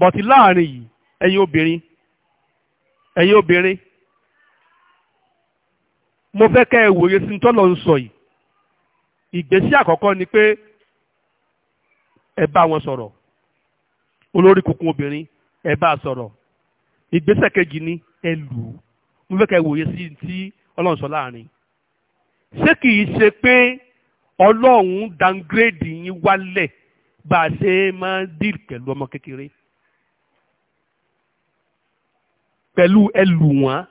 bọ̀tí láàrin yìí ẹ̀yin obìnrin ẹ̀yin obìnrin mo fẹ́ kẹ́ ẹ wòye sí tọ́lọ̀ ń sọ yìí ìgbésí àkọ́kọ́ ni pé ẹ bá wọn sọ̀rọ̀ olórí kunkun obìnrin ẹ bá a sọ̀rọ̀ ìgbésẹ̀ kejì ni ẹ lù ú mo fẹ́ kẹ́ ẹ wòye sí tí ọlọ́run sọ láàrin ṣé kì í ṣe pé ọlọ́run downgrade yín wálẹ̀ bá a ṣe máa ń pẹ̀lú ọmọ kékeré. pẹ̀lú ẹlù wọn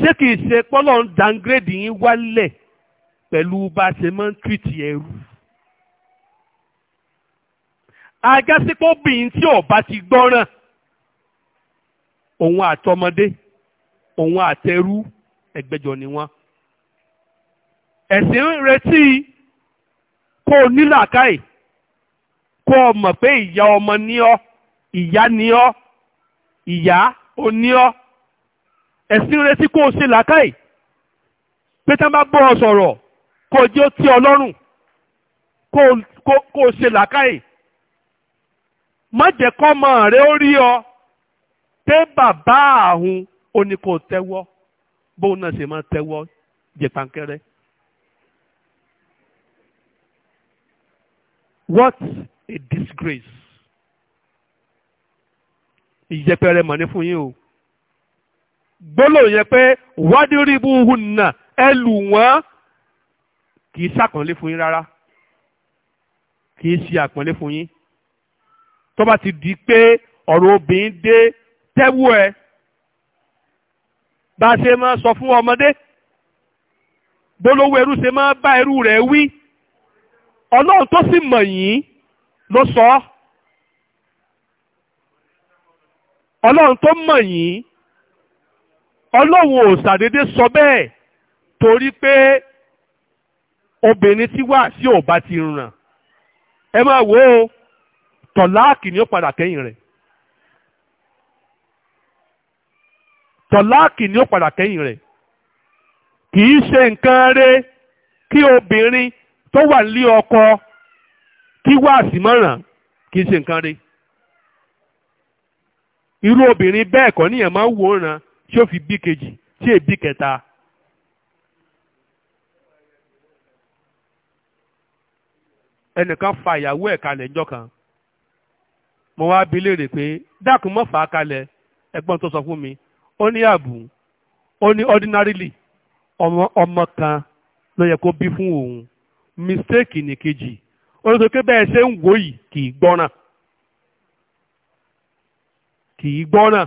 ṣé kìí ṣe pọ́lọ̀ ń downgrade yín wálẹ̀ pẹ̀lú bá a ṣe máa ń tìrìtì ẹrú agásípòbìnrin tí ò bá ti gbọ́ràn òun àtọmọdé òun àtẹrú ẹgbẹ̀jọ ni wọ́n ẹ̀sìn ń retí kó o nílàkàì kó o mọ̀ pé ìyá ọmọ ní ọ́ ìyá ni ọ́ ìyá ò ní ọ́ ẹ̀sìn retí kó o ṣe làákàyè pé tá a bá bọ́ ọ sọ̀rọ̀ kó o jẹ́ ó tí kó o ṣe làákàyè má jẹ́ kọ́ ọmọ rẹ ó rí ọ pé bàbá àhun ó ní kó tẹ́wọ́ bóun náà ṣe máa tẹ́wọ́ jẹ̀pánkẹ́rẹ́. What a disgrace ìyẹpẹrẹ mọ̀ ní fún yín o gbólóhùn yẹn pé wádìrìbù hùnà ẹ lù wọ́n kì í ṣàpọ̀nlé fún yín rárá kì í ṣe àpọ̀nlé fún yín tó bá ti di pé ọ̀rọ̀ obìnrin dé tẹ́wú ẹ bá a ṣe máa sọ fún ọmọdé bólówó ẹrú ṣe máa bá ẹrú rẹ̀ wí ọlọ́run tó sì mọ̀ yín ló sọ ọ́. ọlọ́run tó mọ̀ yìí ọlọ́run ò sàdédé sọ bẹ́ẹ̀ torí pé obìnrin tí wá sí ọba ti ràn ẹ máa wò ó tọ̀láàkì ni ó padà kẹ́yìn rẹ̀ tọ̀láàkì ni ó padà kẹ́yìn rẹ̀ kì í ṣe nǹkan rẹ̀ kí obìnrin tó wà nílé ọkọ kí wá sí mọ́ràn kì í ṣe nǹkan rẹ̀. irú obìnrin bẹ́ẹ̀ kọ́ níyàn máa ń wòran tí ó fi bí kejì tí èbí kẹta. ẹnìkan fa ìyàwó ẹ̀ kalẹ̀ ńjọ́ kan mo wá bi léèrè pé dákun mọ́ fà á kalẹ̀ ẹ̀gbọ́n tó sọ fún mi ó ní ààbò ó ní ordinarily ọmọ ọmọ kan ló yẹ kó bí fún òun mistake nìkejì ó ní sọ pé bẹ́ẹ̀ ṣe ń wò yìí kì í gbọ́ràn. kì í gbọ́ràn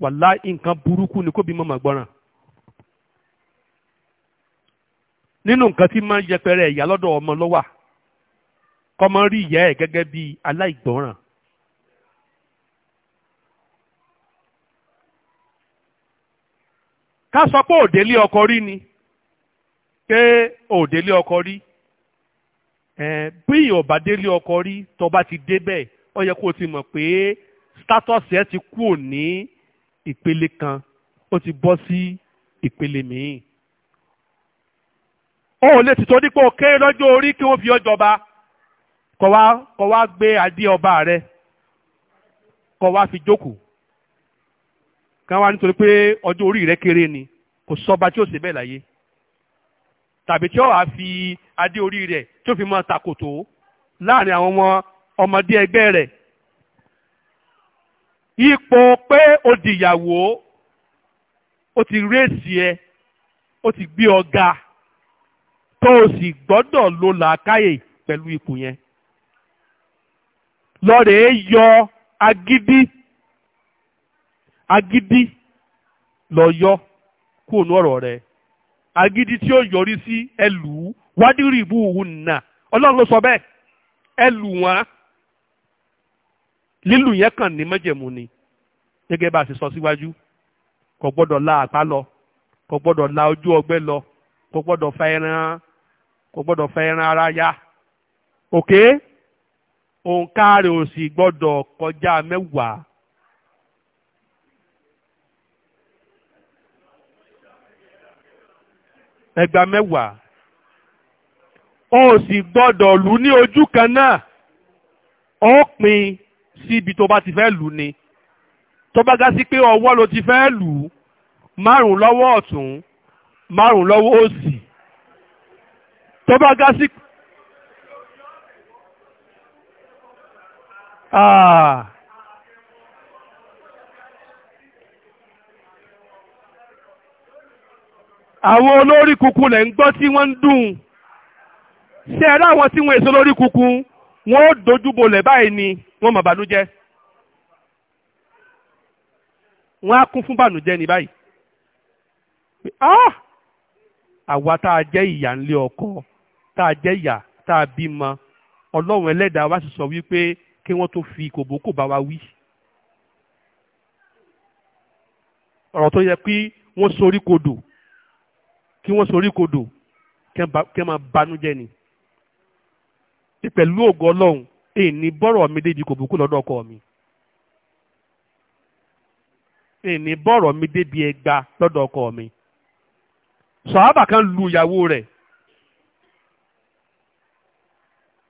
wàlá nǹkan burúkú ni kó bí mọ̀mọ́ gbọ́ràn. nínú nǹkan tí máa ń yẹpẹrẹ ẹ̀yà lọ́dọ̀ ọmọ ló wà kọ́mọ rí ìyá ẹ̀ gẹ́gẹ́ bí aláìgbọ́ràn. ká sọ pé òdélé ọkọ rí ni pé òdélé ọkọ rí ẹ bí ìyàn ò délé ọkọ rí tó bá ti débẹ̀ ọ yẹ kó o ti mọ̀ pé sítátọ̀sì ẹ ti kúrò ní ìpele kan ó ti bọ́ sí ìpele míì ó lè ti torí pé ó kéré lọ́jọ́ orí kí wọ́n fi ọ jọba kó wá kó wá gbé adé ọba rẹ kó wá fi jókòó kan wá nítorí pé ọjọ́ orí rẹ̀ kéré ni kò sọba tí ó ṣe bẹ́ẹ̀ láyé tàbí tí ó wàá fi adé orí rẹ̀ tí ó fi máa takòtò láàrin àwọn ọmọdé ẹgbẹ́ rẹ̀ ipò pé o dìyàwó o ti réèsì ẹ o ti gbé oga ga tó o sì gbọdọ lo làákàyè pẹ̀lú ipò yẹn lọ́rẹ̀ yọ agidi agidi lọ yọ kúrò ní ọ̀rọ̀ agidi ti tí ó yọrí sí ẹlù wádìrí ìbú òun nà ọlọ́run ló sọ bẹ́ẹ̀ ẹlù wọn. lílù yẹn kàn ní májẹ̀mú ni gẹ́gẹ́ bá a ṣe sọ síwájú kò gbọ́dọ̀ la àpá lọ kò gbọ́dọ̀ la ojú ọgbẹ́ lọ kò gbọ́dọ̀ fa ẹran kò gbọ́dọ̀ fa ẹran ara ya òkè òǹkà rẹ̀ ò sì gbọ́dọ̀ kọjá mẹ́wàá. ẹgbàá mẹ́wàá o sì gbọ́dọ̀ lù ní ojú kan náà ó pin sí ibi tó bá ti fẹ́ lù ni tó bá ga sí pé ọwọ́ ló ti fẹ́ lù márùn lọ́wọ́ ọ̀tún márùn lọ́wọ́ òsì tó bá ga sí. Ah. àwọn olórí kunkun lẹ̀ ń gbọ́ tí wọ́n ń dùn ṣe ẹ̀rọ àwọn tí wọ́n èso lórí kunkun wọ́n ó dojúbolẹ̀ báyìí ni wọ́n mọ̀ bànújẹ́ wọ́n á kún fún bànújẹ́ ní báyìí ah! àwa tá a jẹ́ ìyá ńlé ọkọ tá a jẹ́ ìyá tá a bímọ ọlọ́run ẹlẹ́dàá wa sì sọ wípé kí wọ́n tó fi kòbókò bá wa wí. ọ̀rọ̀ tó yẹ kí wọ́n sorí kodò kí wọ́n sorí kodò kí máa banújẹ́ ni pẹ̀lú ògo ọlọ́run èní bọ́rọ̀ mi débi kò bùkú lọ́dọ̀ ọkọ mi èní bọ́rọ̀ mi débi ẹgba lọ́dọ̀ ọkọ mi sọ̀hábà kan lu ìyàwó rẹ̀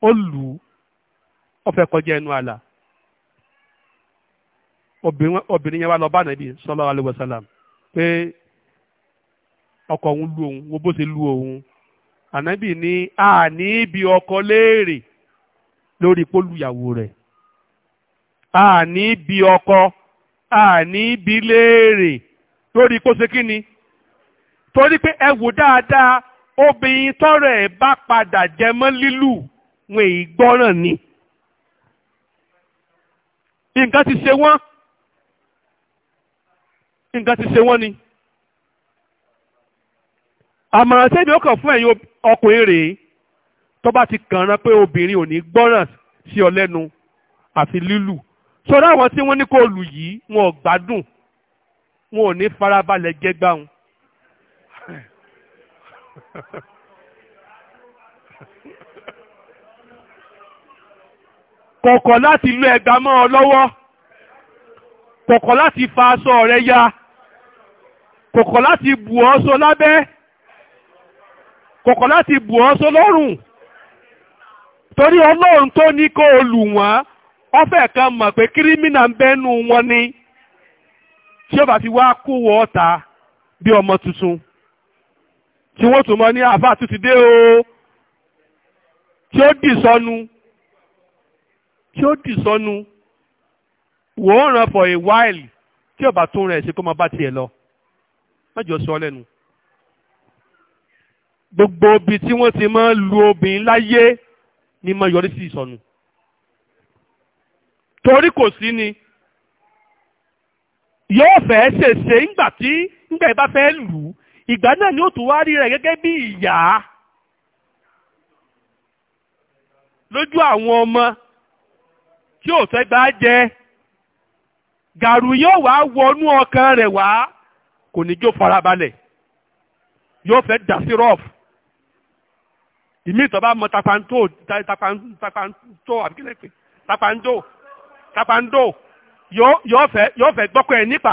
ó lù ú ó fẹ́ kọjá ẹnu àlà obìnrin yẹn wá lọ bá nàbí sallallahu alaihi wasallam pé ọkọ òun lu òun wo bó ṣe lu òun ànábì ní àní ibi ọkọ léèrè lórí pólùyàwó rẹ̀ àní ibi ọkọ àní ibi léèrè lórí kó ṣe ni torí pé ẹ wò dáadáa obìnrin tọrọ ẹ bá padà jẹmọ lílù wọn èyí ni nǹkan ti ṣe wọ́n nǹkan ti ṣe ni. àmọ̀ràn tẹ́bi ó kàn fún ẹ̀yin ọkùnrin rèé tó bá ti kàn án pé obìnrin ò ní gbọ́ràn sí ọ lẹ́nu àti lílù sọ̀rọ̀ àwọn tí wọ́n ní kó lù yìí wọn ò gbádùn wọn ò ní farabalẹ̀ jẹ́ gbáhùn. kọ̀kọ̀ láti lú ẹgbà mọ́ ọ lọ́wọ́ kọ̀kọ̀ láti fa aṣọ rẹ ya kọ̀kọ̀ láti bù ọ́ so lábẹ́ kọ̀kọ̀ láti bù ọ́ sọlọ́rùn torí ọlọ́run tó ní kó o lù wọ́n ọfẹ́ kan mọ̀ pé kírímìnà ń bẹ́nu wọn ni tí ó bá fi wá kó wọ ọ̀tá bí ọmọ tuntun tí wọ́n tún mọ ní àbá tó dé o tí ó dì sọnù tí ó dì sọnù wò ó ràn for a while tí ó bá tún rẹ̀ ṣe kó máa bá tiẹ̀ lọ má sọ lẹ́nu gbogbo ibi tí wọ́n ti máa lu obìnrin láyé ni máa yọrí sí ìsọnù torí kò sí ni yóò fẹ́ ṣèṣe ńgbà tí ńgbà ìbá fẹ́ lù ú ìgbà náà ni ó tún wá rí rẹ̀ gẹ́gẹ́ bí ìyá lójú àwọn ọmọ tí ò fẹ́ gbá jẹ gàrú yóò wá wọnú ọkàn rẹ̀ wá kò ní jó farabalẹ̀ yóò fẹ́ dà sí rọ́ọ̀fù ìmí ìtọ́ bá mọ tapantó tapantó àbíkílẹ̀ pé tapantó tapantó yóò fẹ́ gbọ́kọ̀ ẹ̀ nípa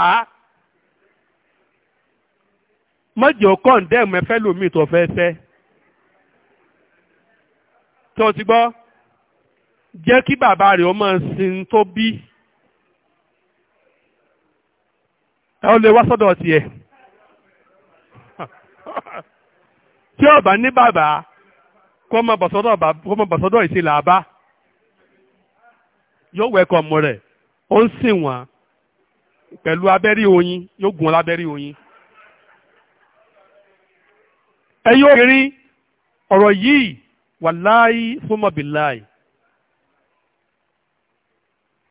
mọ́jì ọkọ̀ ǹdẹ́mù ẹ̀fẹ́ lómi tó fẹ́ fẹ́ tí o ti gbọ́ jẹ́ kí bàbá rẹ̀ ó máa sin tó bí ẹ ó lè wá sọ́dọ̀ tiẹ̀ tí ó ní bàbá kó mọ bọ̀sọ́dọ̀ ìṣe làbá yóò wẹ̀kọ̀ ọmọ rẹ̀ ó ń sìn wọ́n pẹ̀lú abẹ́rí oyin yóò gún ọ lábẹ́rí oyin. ẹ yóò rí ọ̀rọ̀ yìí wàláì fúnmọ̀bìláì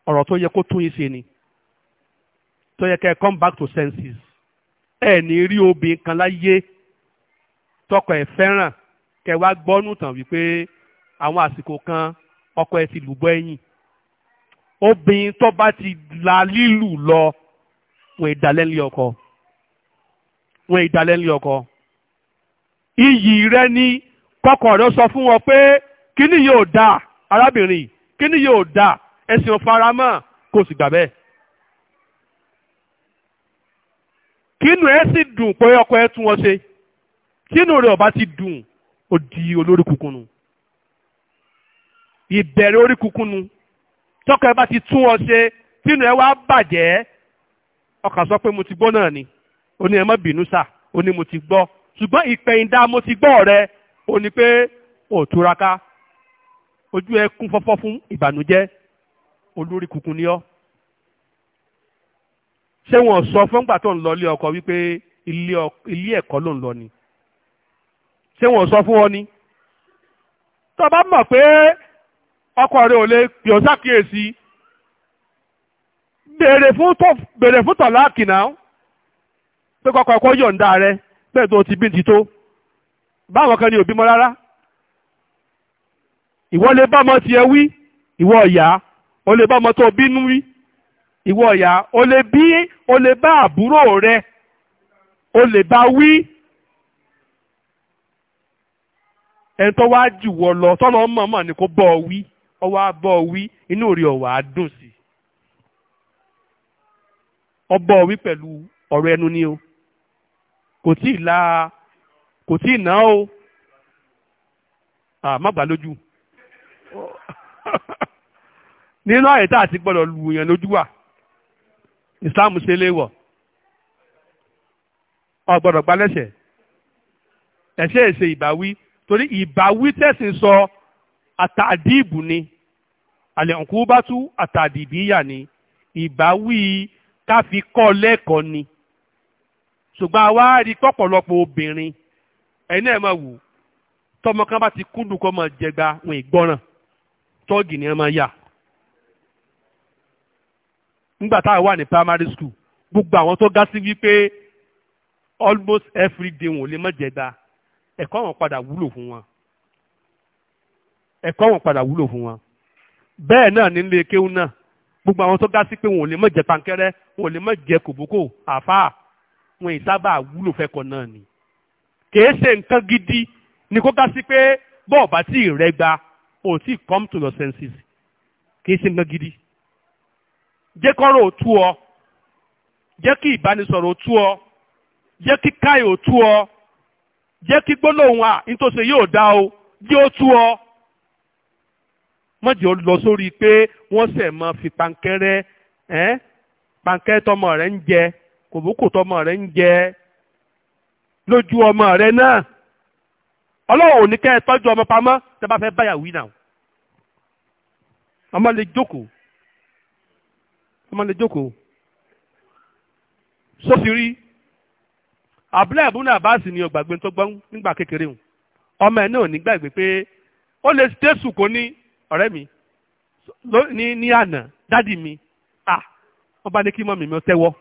ọ̀rọ̀ tó yẹ kó tún yín ṣe ni tó come back to senses ẹ ní rí obìnrin kan láyé tọkọ ẹ fẹ́ràn kẹwàá gbọ́nù tàn wípé àwọn àsìkò kan ọkọ ẹ ti lùbọ́ ẹ̀yìn obìnrin tó bá ti la lílù lọ wọn ìdálẹ́lẹ́ ọkọ wọn ìdálẹ́lẹ́ ọkọ iyì rẹ ni kọkọ rẹ sọ fún wọn pé kíní yóò dà arábìnrin kíní yóò dà ẹ̀sìn òfaramọ́ kò sì gbà bẹ́ẹ̀. kínú ẹ sì dùn pé ọkọ ẹ tún wọn ṣe kínú rẹ ọba ti dùn ó di olórí kúkúnù ìbẹ̀rẹ̀ orí kúkúnù tọ́kọ̀ ẹ bá ti tún ọ ṣe tínú ẹ wá bàjẹ́ ọkà sọ pé mo ti gbọ́ náà ni ó ní ẹ má bínú sà ó ní mo ti gbọ́ ṣùgbọ́n ìpẹ̀yìndà mo ti gbọ́ rẹ ó ní pé ò túraká ojú ẹ kún fọ́fọ́ fún ìbànújẹ́ olórí kúkúnù ni ọ́ ṣé wọn sọ fún gbà ń lọ ilé ọkọ wípé ilé ẹ̀kọ́ ló ń lọ ni ṣé wọn ò sọ fún ọ ni tó bá mọ̀ pé ọkọ rẹ ò lè pè ọ́ ṣàkíyèsí béèrè fún tó béèrè fún tọ̀lá kìnà pé kọ́kọ́ ẹ̀kọ́ yọ̀ǹda rẹ bẹ́ẹ̀ tó ti bí ti tó báwọn kan ni òbí mọ rárá ìwọ lè bá ọmọ tiẹ̀ wí ìwọ ọ̀yà o lè bá ọmọ tó bínú wí ìwọ ọ̀yà o lè bí o lè bá àbúrò rẹ o lè bá wí. ẹni tó wá jù lọ tọ́lọ́ mọ̀ọ́mọ̀ ni kó bọ́ ọ wí ọwọ́ á bọ́ ọ wí inú rí ọ̀wà á dùn sí i ọbọ̀ wí pẹ̀lú ọ̀rọ̀ ẹnu ni o kò tí ì la kò tí ì ná o má gbà lójú nínú àyètá àti gbọ́dọ̀ lu èèyàn lójú wà ìsìláàmù ṣe léwọ̀ ọ̀gbọ́dọ̀ gbalẹ́sẹ̀ ẹ̀ṣẹ̀ èṣe ìbáwí torí ìbáwí tẹ̀sìn sọ àtàdìbù ni àlẹ́ òǹkú bá tú àtàdìbíyà ni ìbáwí káfi kọ́ lẹ́kọ̀ọ́ ni ṣùgbọ́n àwa rí pọ̀pọ̀lọpọ̀ obìnrin ẹni ẹ̀ máa wù tọmọ kan bá ti kúndùn kọ́ máa jẹgba wọn ìgbọ́ràn tọ́ọ̀gì ni ẹ máa yà nígbà táwọn wà ní primary school gbogbo àwọn tó ga sí wípé almost every day wọn ò lè má jẹgba ẹ̀kọ́ wọn padà wúlò fún wọn ẹ̀kọ́ wọn padà wúlò fún wọn bẹ́ẹ̀ náà nílé kéwú náà gbogbo àwọn tó ga sí pé wọn ò lè mọ̀ jẹ pankẹ́rẹ́ wọn ò lè mọ̀ jẹ kòbókò àfáà wọn ì sábà wúlò fẹ́kọ̀ náà ni kìí ṣe nǹkan gidi ni kó ga sí pé bọ́ọ̀bá tí ì rẹ gba ò tí come to your senses kìí ṣe nǹkan gidi jẹ́ kọ́rọ̀ ò tú ọ jẹ́ kí ìbánisọ̀rọ̀ ò ọ jẹ́ kí káyọ̀ ò ọ jẹ́ kí gbólóhùn à nítòsí yóò dá o bí ó tú ọ. mọ̀jẹ̀ ó lọ sórí pé wọ́n sẹ̀ mọ́ fi pankẹ́rẹ́ ẹ́ pankẹ́ tọmọ rẹ̀ ń jẹ kòbókò tọmọ rẹ̀ ń jẹ lójú ọmọ rẹ̀ náà ọlọ́run ò ní kẹ́ ẹ tọ́jú ọmọ pamọ́ tẹ́ bá fẹ́ báyà wí náà ọmọ lè jókòó ọmọ lè jókòó sófin rí abúlé ìbúnú àbáàsì ni ọgbàgbé tó gbọ́n nígbà kékeré hùn ọmọ ẹ̀ náà nígbàgbé pé ó lè jésù kò ní ọ̀rẹ́ mi ní ní àná dádì mi à wọ́n bá ní kí mọ́mì mi ó tẹ́wọ́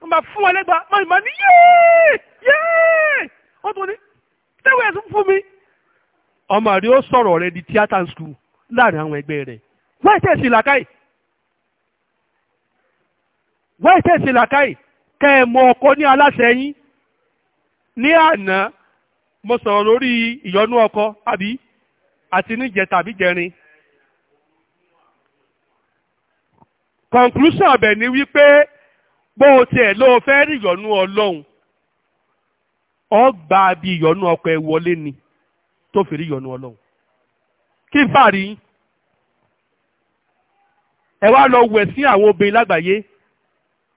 wọ́n bá fún wọn lẹ́gbàá mọ́mì máa ní yéé yéé wọ́n tún ní tẹ́wọ́ ẹ̀sùn fún mi ọmọ rí ó sọ̀rọ̀ rẹ di theatre school láàrin àwọn ẹgbẹ́ rẹ̀ wọ́n ẹ̀ tẹ̀sí làkàì wọ́n tẹ̀sí làkàì kẹ́ ẹ mọ ọkọ ní aláṣẹ yín ní àná mo sọ̀rọ̀ lórí ìyọnú ọkọ àbí àti níjẹ tàbí jẹrin. conclusion ọbẹ̀ ni wípé bó o tiẹ̀ ló o fẹ́ rí ìyọnú ọlọ́run ọgbà bí ìyọnú ọkọ ẹ wọlé ni tó fi rí ìyọnú ọlọ́run kí n fà rí ẹ wá lọ wẹ̀ sí àwọn obìnrin lágbàáyé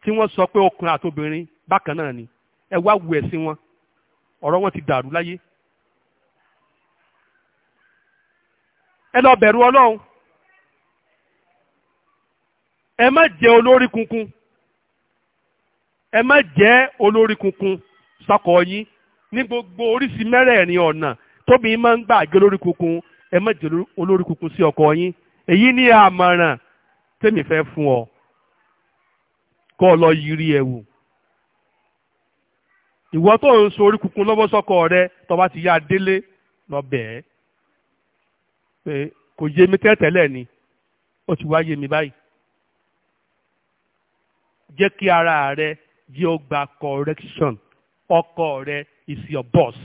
tí wọ́n sọ pé ọkùnrin àtobìnrin bákan náà ni ẹ wá wù ẹ̀sìn wọn ọ̀rọ̀ wọn ti dàrú láyé. ẹ lọ bẹ̀rù ọlọ́run ẹ má jẹ́ olórí kunkun ẹ má jẹ́ olórí kunkun sọkọ yín ní gbogbo oríṣi mẹ́rẹ̀ẹ̀rin ọ̀nà tóbi máa ń gbà jẹ́ olórí kunkun ẹ má jẹ́ olórí kunkun sí ọkọ yín èyí ni àmọ̀ràn tèmi fẹ́ fún ọ. kó lọ yiri ẹ̀wù ìwọ tó ń so orí kunkun lọ́wọ́ sọ́kọ rẹ tó bá ti yá délé lọ bẹ̀ẹ́ pé kò yé mi tẹ́tẹ́lẹ̀ ni ó ti wá yé mi báyìí jẹ́ kí ara rẹ jẹ́ ó gba correction ọkọ rẹ is your boss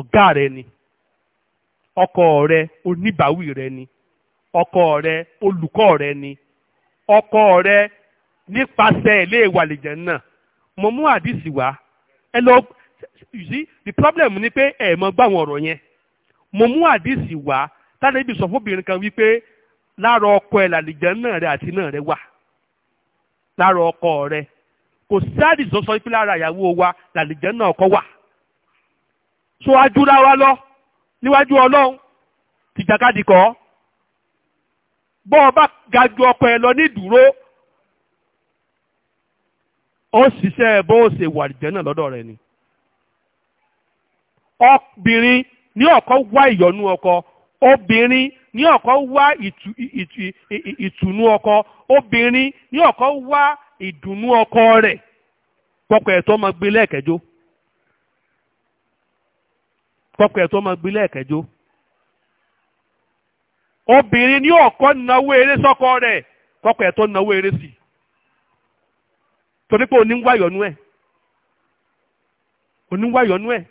ọ̀gá rẹ ni ọkọ rẹ oníbàwí rẹ ni ọkọ rẹ olùkọ́ rẹ ni ọkọ rẹ nípasẹ̀ ilé ìwàlìjẹ̀ náà mo mú àdìsí wá ẹ lọ you see the problem ni pé ẹ mọ gbà wọn ọ̀rọ̀ yẹn mo mú àdìsí wá tálẹ́ ibi sọ fóbìnrin kan wípé lára ọkọ ẹ̀ làlìjẹ̀ náà rẹ àti náà rẹ wà lára ọkọ rẹ kò sí àdìsí sọ pé lára ìyàwó wa làlìjẹ̀ náà ọkọ wà so ajúra wa lọ níwájú ọlọ́run tìjàkadì kọ́ bọ́ ọ bá ga ju ọkọ ẹ lọ ní ìdúró ó ṣiṣẹ́ bó o ṣe wà ìjẹ́ náà lọ́dọ̀ rẹ ni. obìnrin ní ọkọ wá ìyọ́nú ọkọ obìnrin ní ọkọ wá ìtùnú ọkọ obìnrin ní ọkọ wá ìdùnnú ọkọ rẹ̀ kọkọ ẹ̀ tó máa gbé lẹ́ẹ̀kẹjọ kọkọ ẹ̀ máa gbé lẹ́ẹ̀kẹjọ obìnrin ní ọkọ náwó eré sọkọ rẹ̀ kọkọ ẹ̀ tó náwó eré sí i. torí pé oní ń wá ìyọnú ẹ̀ oní ń wá ìyọnú ẹ̀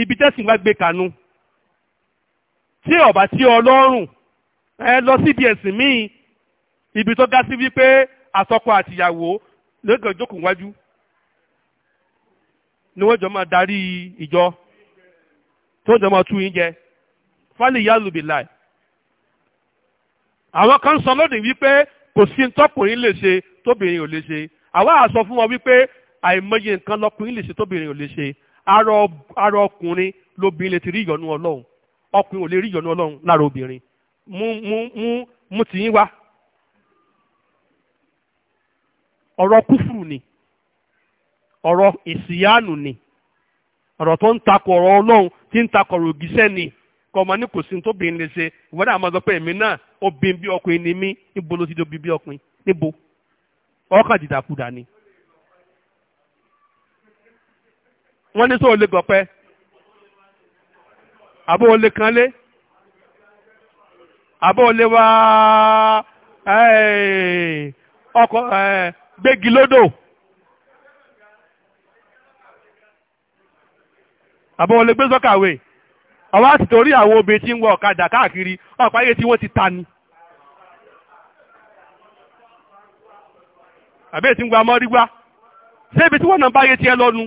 ibi tẹ́sìn wá gbé kànú tí ọ̀bà tí ọlọ́run ẹ lọ síbi ẹ̀sìn míì ibi tó dá sí wípé àtọkọ àtìyàwó lóògùn ìjókòó wájú ni wọ́n jọ máa darí ìjọ tó jọ máa tú yín jẹ fálì yálùbí àwọn kan sọ lóde wípé kò sí tọkùnrin lè ṣe tóbìnrin ò lè ṣe àwa àsọ fún wọn wípé àìmọye nǹkan lọkùnrin lè ṣe tóbìnrin ò lè ṣe ara ọkùnrin lóbìnrin lè ti rí ìyọnu ọlọ́run ọkùnrin ò lè rí ìyọnu ọlọ́run lára obìnrin mú mú mú mú tìyín wá ọ̀rọ̀ kúfùrù ni ọrọ ìsìyánu ni ọrọ tó ń takọ̀ ọ̀rọ̀ ọlọ́run tí ń takọ̀ ọ̀rọ̀ ògìṣẹ́ ni kọ̀ọ̀mọ́ ní kò sí tóbìnrin lè ṣe ìwádà àmọ́ sọ pé èmi náà obìnrin bí ọkùnrin ni mí níbo ló ti di obìnrin bí ọkùnrin níbo ọkàn dìdàkudà ni. wọ́n ní sóò lè gọ̀pẹ́ àbó olè kan lé àbó olè wá eh, ọkọ̀ eh, gbégi lódò àbó olè gbé sọ́kàwé. àwọn àti torí àwọn obìnrin tí ń wọ ọ̀kadà káàkiri tí wọ́n ti ta ni. àbẹ́ẹ̀ tí ń gba mọ́rí ibi tí wọ́n náà bá iye tiẹ̀ lọ́nu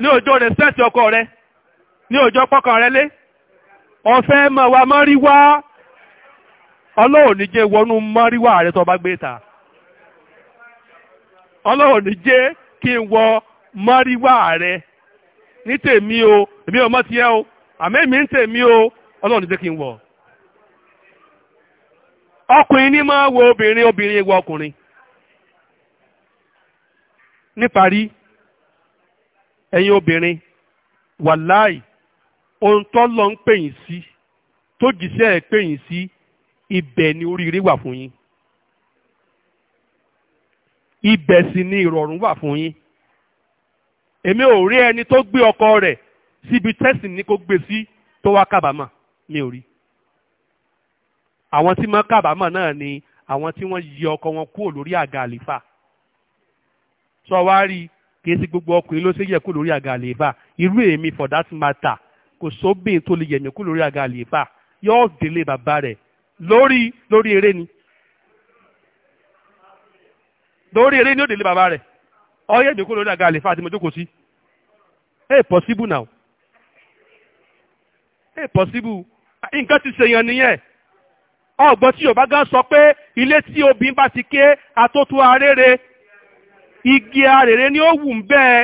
ní ọkọ rẹ ní òjò pọ́kàn rẹ lé ọ̀fẹ́ mọ̀ wá ọlọ́run wọnú wọ ní tèmi o èmi ò o. àmẹ́mí ń tèmi o ọlọ́run jẹ́ kí n wọ̀ ọkùnrin ní máa wo obìnrin obìnrin wọ ọkùnrin níparí ẹ̀yin obìnrin wàláì ohun tó lọ ń pè yín sí tó jíṣẹ́ ẹ̀ pè sí ibẹ̀ ni oríire wà fún yín ibẹ̀ sì ni ìrọ̀rùn wà fún yín èmi ò rí ẹni tó gbé ọkọ rẹ̀ síbi tẹ́sì ní kó gbé sí tó wá kábàámọ̀ mi ò rí àwọn tí máa kábàámọ̀ náà ni àwọn tí wọ́n yí ọkọ wọn kúrò lórí àga àlèfà sọ wá rí kì í sí gbogbo ọkùnrin ló ṣe yẹ kúrò lórí àga àlèfà irú èmi for that matter kò sóbìn tó lè yẹ̀mí kúrò lórí àga àlèfà yóò délé bàbá rẹ̀ lórí lórí eré ni lórí eré ni ó délé bàbá rẹ̀ ọyẹ́ mi kúrò lórí àga àlèfà àti mọ́jókòó sí ẹ̀ possible now ẹ̀ possible nǹkan ti ṣèyàn nìyẹn ọgbọ́n tí yorùbá gan sọ pé ilé tí obìnrin bá ti ké atótó arére igi arére ni ó wù ń bẹ́ẹ̀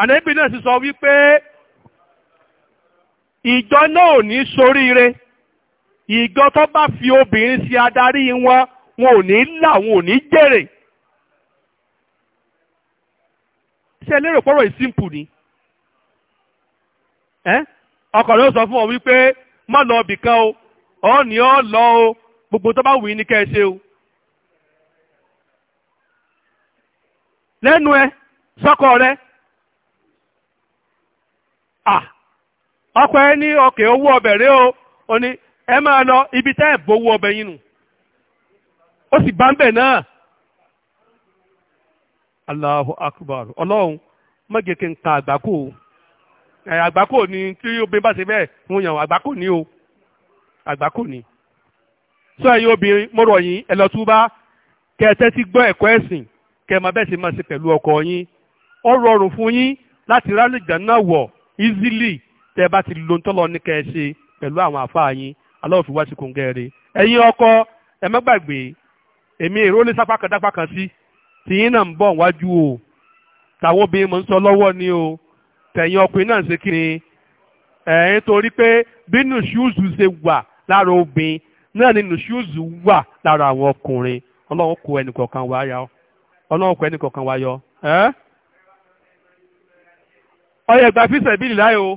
ànábì náà sì sọ wípé ìjọ náà ò ní soríire ìjọ tó bá fi obìnrin sí adarí wọn wọn ò ní là wọn ò ní jèrè ṣé ẹ lérò pọ́rọ̀ yìí ni. ọkọ rẹ̀ ó sọ fún ọ wípé má lọ ibì kan o ọ ní ọ lọ o gbogbo tó bá wù í ní kẹ́ o. lẹ́nu ẹ sọ́kọ rẹ ọkọ ẹ ní ọkẹ́ owó ọbẹ̀ rẹ o ò ní ẹ máa lọ ibi tẹ́ ẹ̀ bówó ọbẹ yín nù ó sì bá ń bẹ̀ náà. Allahu akbar ọlọ́run mọ́gẹ́kẹ́ ń ka àgbákò Eh, àgbákò ni tí obìnrin bá ṣe bẹ́ẹ̀ ń yàn àgbákò ni o àgbákò ni. sọ ẹ̀yin obìnrin mo rọ̀ yín ẹ lọ túbá kẹ ẹ tẹ́tí gbọ́ ẹ̀kọ́ ẹ̀sìn kẹ ẹ máa bẹ́ẹ̀ ṣe máa ṣe pẹ̀lú ọkọ yín ó rọrùn fún yín láti rálì ìdáná wọ̀ easily tẹ́ ẹ bá ti lo ntọ́lọ ní kẹ ẹ ṣe pẹ̀lú àwọn àfáà yín aláwọ̀ fi wá sí kòǹgẹ́rẹ́ ẹ̀yin ọkọ ẹ má gbàgbé èmi èrò lé sápá sí tìyín náà ń bọ̀ wájú o tàwọn obìnrin mò ń sọ lọ́wọ́ ni o tẹ̀yìn ọkùnrin náà ṣe kí ni ẹ̀ ń torí pé bí nùṣúùzù ṣe wà lára obìnrin náà ni nùṣúùzù wà lára àwọn ọkùnrin ọlọ́run kó ẹnìkọ̀ọ̀kan wá yọ ọlọ́run kó ẹnìkọ̀ọ̀kan wá yọ ẹ́ ọyẹ gba fíṣẹ̀ bíi láyò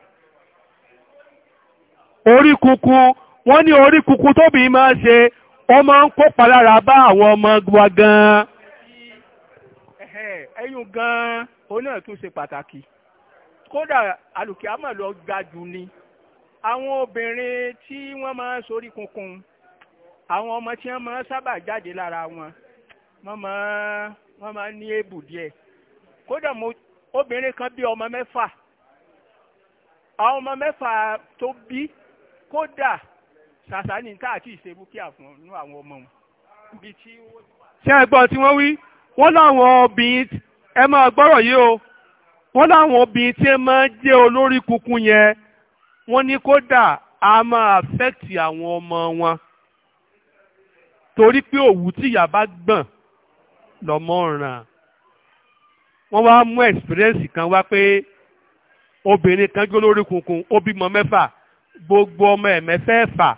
orí kuku wọ́n ní orí kuku tóbi máa ṣe ọ máa ń kópa lára bá àwọn ọmọ wa gan-an. ẹyún gan-an òun tún ṣe pàtàkì kódà alùkìámọ̀ lọ ga jù ni àwọn obìnrin tí wọ́n máa ń sorí kunkun àwọn ọmọ tí wọ́n máa ń sábà jáde lára wọn wọ́n máa wọ́n máa ní èébù díẹ̀ kódà mo obìnrin kan bí ọmọ mẹ́fà àwọn ọmọ mẹ́fà tó bí kódà sàṣàní káàkiri ṣe búkíà fún inú àwọn ọmọ wọn. ṣé ẹ gbọ́ tí wọ́n wí wọ́n láwọn obìnrin ẹ máa gbọ́rọ̀ yìí o wọ́n láwọn obìnrin tí ẹ máa jẹ́ olórí kunkun yẹn wọ́n ní kódà a máa fẹ́ẹ̀tì àwọn ọmọ wọn torí pé òwú tíyà bá gbọ̀n lọ́mọ ràn wọ́n wá mú experience kan wá pé obìnrin kan jẹ́ olórí kunkun ó bímọ mẹ́fà gbogbo ọmọ ẹ̀mẹ́fẹ́ẹ̀fà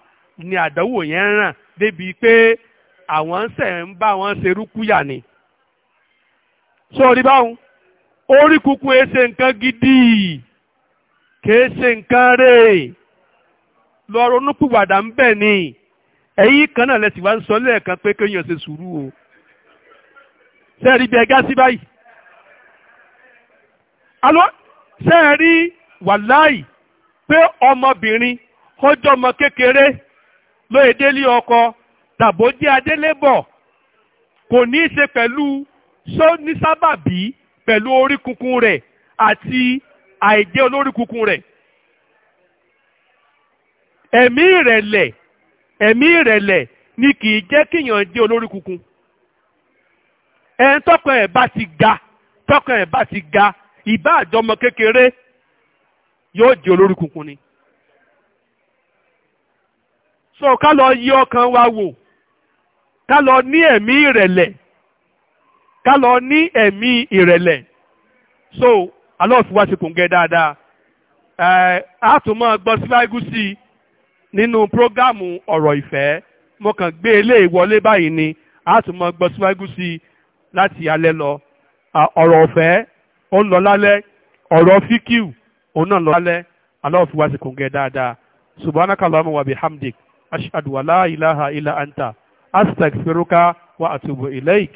ni àdánwò yẹn ń ràn débi pé àwọn ń sẹ̀ ń bá wọn ṣe rúkúyà ni. sọ̀rí báwọn orí kúkú ẹ ṣe nǹkan gidi kìí ṣe nǹkan rẹ̀ lọ ronúpìwàdà ń bẹ̀ ni ẹ̀yìn kan náà lẹ́sìn wá ń sọ lẹ́ẹ̀kan pé kéèyàn ṣe sùúrù o sẹ́ẹ̀rí bí ẹgá sí báyìí. alọ́ sẹ́ẹ̀rí wàláì pé ọmọbìnrin ọjọ́ ọmọ kékeré lóye délé ọkọ tàbó jẹ́ adélébọ̀ kò ní í ṣe pẹ̀lú sọ́nísábàbí pẹ̀lú orí kunkun rẹ̀ àti àìjẹ́ olórí kunkun rẹ̀ ẹ̀mí ìrẹ̀lẹ̀ ẹ̀mí ìrẹ̀lẹ̀ ni kì í jẹ́ kíyàn jẹ́ olórí kunkun ẹ̀ńtọ́kàn ẹ̀ bá ti ga tọ́kàn ẹ̀ bá ti ga ìbá àjọmọ kékeré yóò jẹ́ olórí kunkun ni. so ká lọ yí ọkàn wa wò ká lọ ní ẹ̀mí ìrẹ̀lẹ̀ ká lọ ní ẹ̀mí ìrẹ̀lẹ̀ so alọ́ọ̀fíwá ti kùn gẹ́ dáadáa ẹ̀ á tún máa gbọ́ síwájú sí i nínú prógámù ọ̀rọ̀ ìfẹ́ mo kàn gbé ilé ìwọlé báyìí ni á tún máa gbọ́ síwájú sí i láti alẹ́ lọ ọ̀rọ̀ ọ̀fẹ́ ó ń lọ lálẹ́ ọ̀rọ̀ fíkìú òun náà lọ lálẹ́ aláwọ̀ fi wá sí kòǹgẹ́ dáadáa subhanaka allahumma wa bihamdik ashhadu wa la ilaha illa anta wa atubu ilaik.